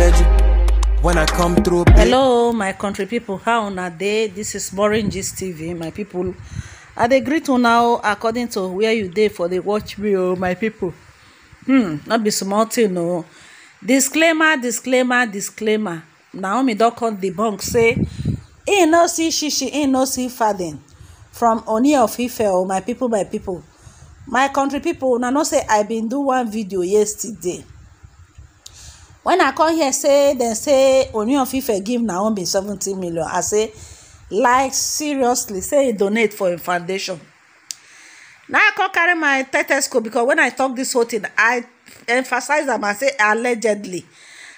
energy when I come through. Hello, my country people. How are they? This is Boring Gist TV, my people. I they greet now? according to where you dey for the watch me o my people. Hmm, not be small thing know. Disclaimer, disclaimer, disclaimer. Naomi don the debunk say ain't no see shishi, ain't no see faden from oni of Ife oh my people, my people. My country people, Now no say I been do one video yesterday. When i come hear say dem say onion fit forgive na naomi seventeen million i say like seriously say e donate for im foundation now i come carry my telescope because when i talk this whole thing i emphasize am i say allegedly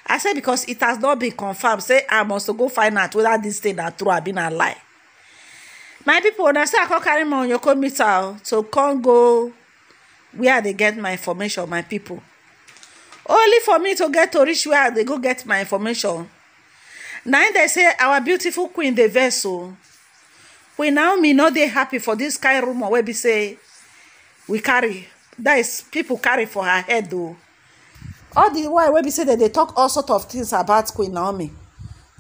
i say because it has not been confirmed say i must go find out whether this thing na true abi na lie my people na say i come carry my onyoko meter oh, to come go where i dey get my information my people only for me to get to reach where i dey go get my information na im dey say our beautiful queen dey vex o queen naomi no dey happy for dis kain rumour wey be say we carry that is pipo carry for her head o all di while wey be say dem dey talk all sort of things about queen naomi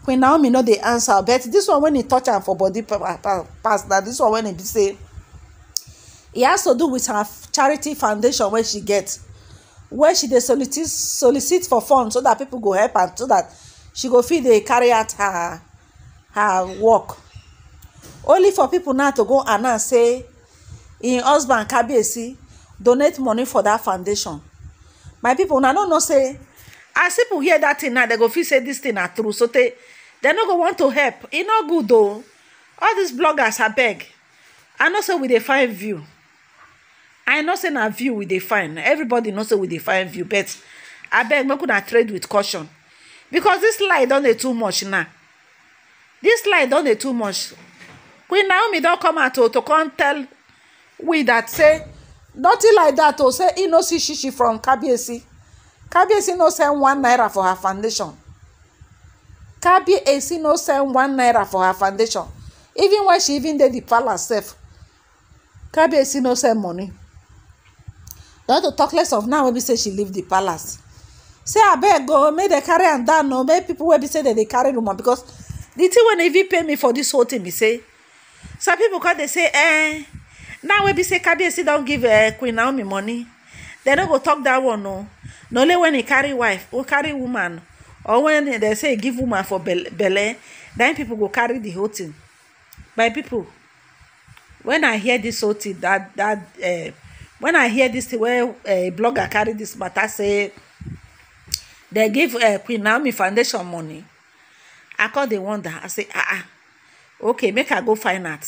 queen naomi no dey answer but dis one wen e touch am for body pass na dis one wen e be say e has to do with her charity foundation wey she get Where she dey solicit solicit for funds so that people go help am so that she go fit dey carry out her her work only for people now to go announce say im husband kabiyesi donate money for that foundation my people una no know say as people hear that thing now they go feel say this thing na true so sotey they no go want to help e no good o all these bloggers abeg i know say we dey find view i know say na view we dey find everybody know say we dey find view but I abeg make una trade with caution because this light don dey too much now This light don dey too much queen naomi don't come out to to come tell we that say nothing like that o say he no see shishi from kabiyesi kabiyesi no send one naira for her foundation kabiyesi no send one naira for her foundation even when she even did di palace sef kabiyesi no send money don to talk less of now when we say she leave the palace say beg go oh, make they carry and down no. make people will be say that they carry woman because the thing when dem pay me for this whole thing be say some people call they say eh now wey be say don't give eh, queen naomi money They don't go talk that one no. only when he carry wife or oh, carry woman or when they say give woman for belle then people go carry the whole thing my people, when i hear this whole thing that dat eh, when i hear this thing wey eh, a blogger carry this matter say they give uh, queen naomi foundation money i call dey wonder i say ah ah okay make i go find out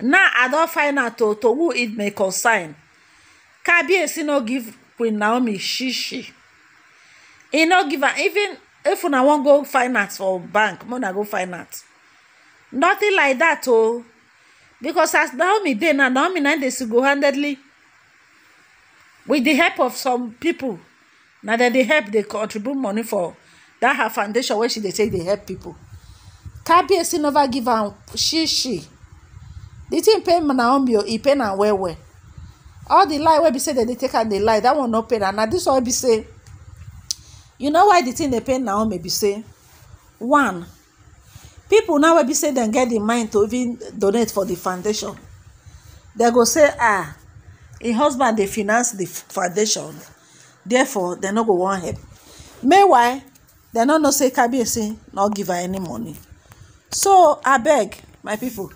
now i don't find out to to who it may concern kabiyesi no give queen naomi shishi He no give am even if una wan go find out for bank make una go find out nothing like that oh. because as naomi then, now naomi na dey single handedly with the help of some people, na dem dey help dey contribute money for dat her foundation wey she dey take dey help pipo kabiyesi never give am she she the thing pain naomi o e pain am well well all the lie wey be say dem dey take am dey lie that one no pain am na this one be say you know why the thing dey pain naomi be say one people now wey be say dem get the mind to even donate for the foundation dem go say ah im husband dey finance di foundation therefore dem no go wan help meanwhile dem no know say kabiyesi no give her any money so abeg my pipo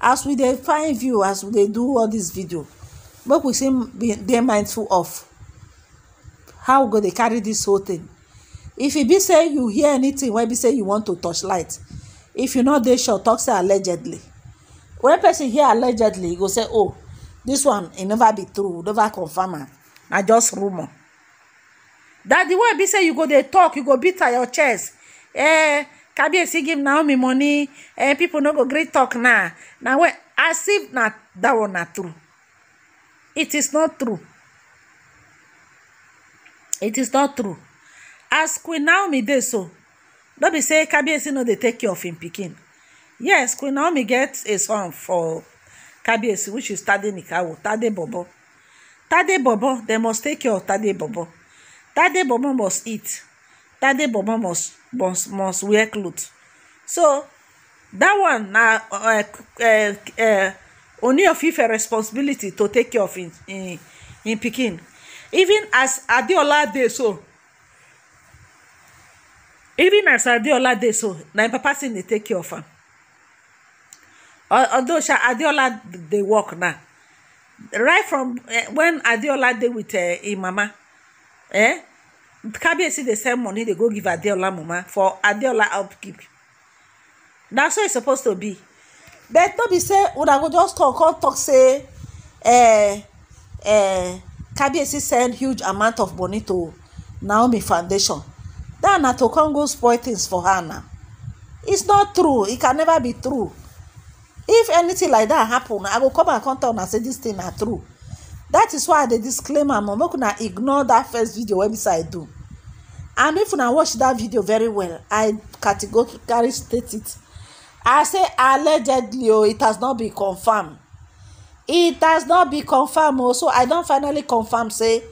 as we dey find view as we dey do all dis video make we still dey mindful of how we go dey carry dis whole thing if e be say you hear anything wey be say you want to touch light if you no dey sure talk say allegedly when person hear allegedly you go say oh This one e never be true never confirm am na just rumour that the way be say you go dey talk you go beat at your chest eh kabiyesi give naomi money eh people no go gree talk now na when as if na that one na true it is not true it is not true as queen naomi dey so no be say kabiyesi no dey take care of im pikin yes queen naomi get a son for kabiyesi which is tade nikawo tade bobo tade bobo They must take care of tade bobo tade bobo must eat tade bobo must must must wear clothes. so that one now uh, uh, uh, Ooni of Ife responsibility to take care of in in in Peking. even as Adeola dey so even as Adeola dey so na im papa still dey take care of am although Adiola they work now right from uh, when Adiola dey with uh, im mama eh Kabiyesi the same money they go give Adiola mama for Adiola upkeep That's what e supposed to be but no be say una go just come come talk say eh, eh, Kabiyesi send huge amount of money to Naomi Foundation Then na to come go spoil things for her now it's not true it can never be true if anything like that happen i go come and come tell una say this thing na true that is why i dey disclaim am make una ignore that first video wey i do and if una watch that video very well i categorically state it i say allegedly o oh, it has not been confirmed. it has not been confirmed. o oh, so i don finally confirm. say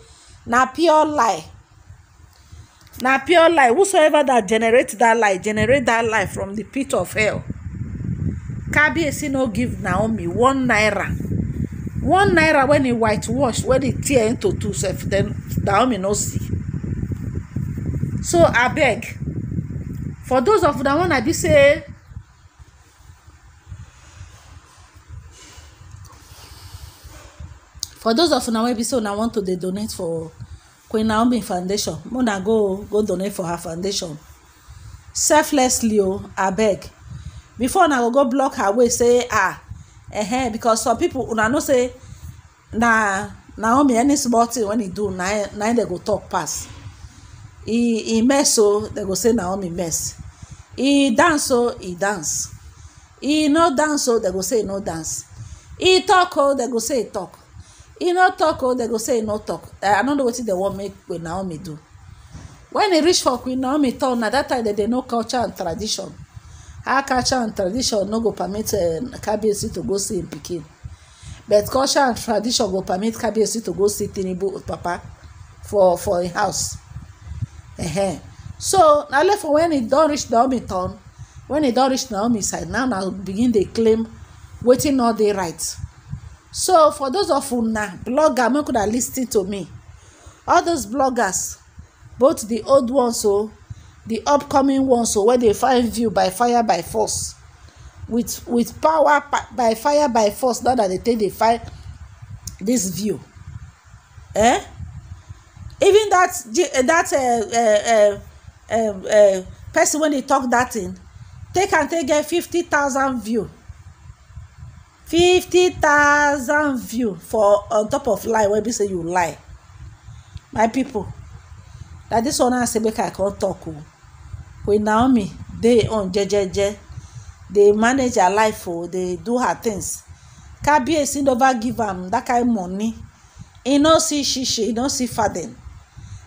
na pure lie na pure lie whosoever that generate that lie generate that lie from the pit of hell kabiyesi no give naomi one naira one naira when he wash, when he tear into two sef then naomi no see so abeg for those of una I be say for those of una wey be say una want to dey donate for queen naomi foundation una go go donate for her foundation selflessly o oh, abeg before una go go block her way say ah eh, eh because some people una know say na naomi any small thing when e do na na dem go talk pass e e mess o oh, dem go say naomi mess e dance o oh, e dance e no dance o oh, dem go say e no dance e talk o dem go say e talk e no talk o dem go say e no talk eh, i no know wetin dem wan make queen naomi do when e reach for queen naomi turn na that time dem dey know culture and tradition how culture and tradition no go permit um, eh, KBC to go see im pikin but culture and tradition go permit KBC to go see tinubu papa for for im house uh -huh. so na therefore when he don reach naomi turn when he don reach naomi side now na begin dey claim wetin no dey right so for those of una blogger make una lis ten to me all those bloggers both the old ones o. Oh, the upcoming ones o wey dey find view by fire by force with with power by fire by force now na dey take dey find this view eh even that eh, that uh, uh, uh, uh, person wey dey talk that thing take am take get fifty thousand view fifty thousand view for on top of lie wey be say you lie my people na this one i say make i come talk o. Oh. With naomi dey on jejeje dey manage her life o oh, dey do her things kabiyesi never give am that kind money e no see shishi e no see faden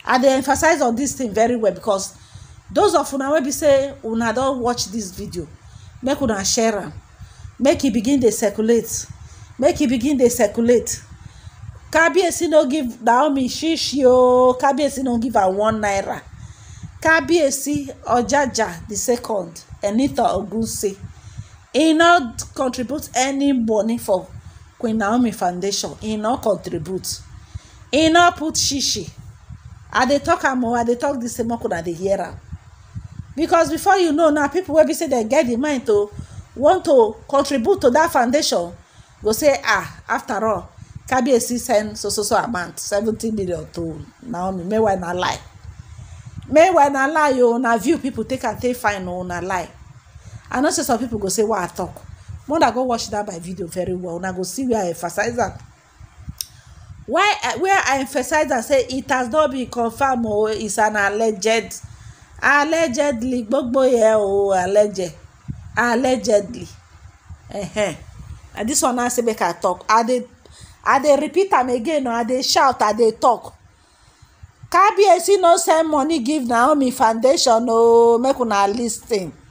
i dey emphasize on this thing very well because those of una wey be say una don watch this video make una share am make e begin dey circulate make e begin dey circulate kabiyesi no give naomi shishi ooo oh, kabiyesi no give her one naira Kabiesi Ojaja the second, Anita Ogunse, he not contribute any money for Queen Naomi Foundation. He not contribute. He not put shishi. Are they talk more? Are they talk this same make they hear Because before you know now, people will be say they get the mind to want to contribute to that foundation go say ah after all Kabiesi send so so so amount seventy million to Naomi meanwhile not lie. meanwhile na lie o oh, na view people take and take fine o oh, na lie i know say some people go say what i talk mother go watch that my video very well una go see where i emphasize am why eh, where i emphasize am say it has not been confirmed or oh, is an alleged allegedly gbogbo yẹn o alleged allegedly uh-huh. and this one na say make i talk i dey i dey repeat am again o i dey shout i dey talk kabiyesi no send money give naomi foundation o oh, make una lis ten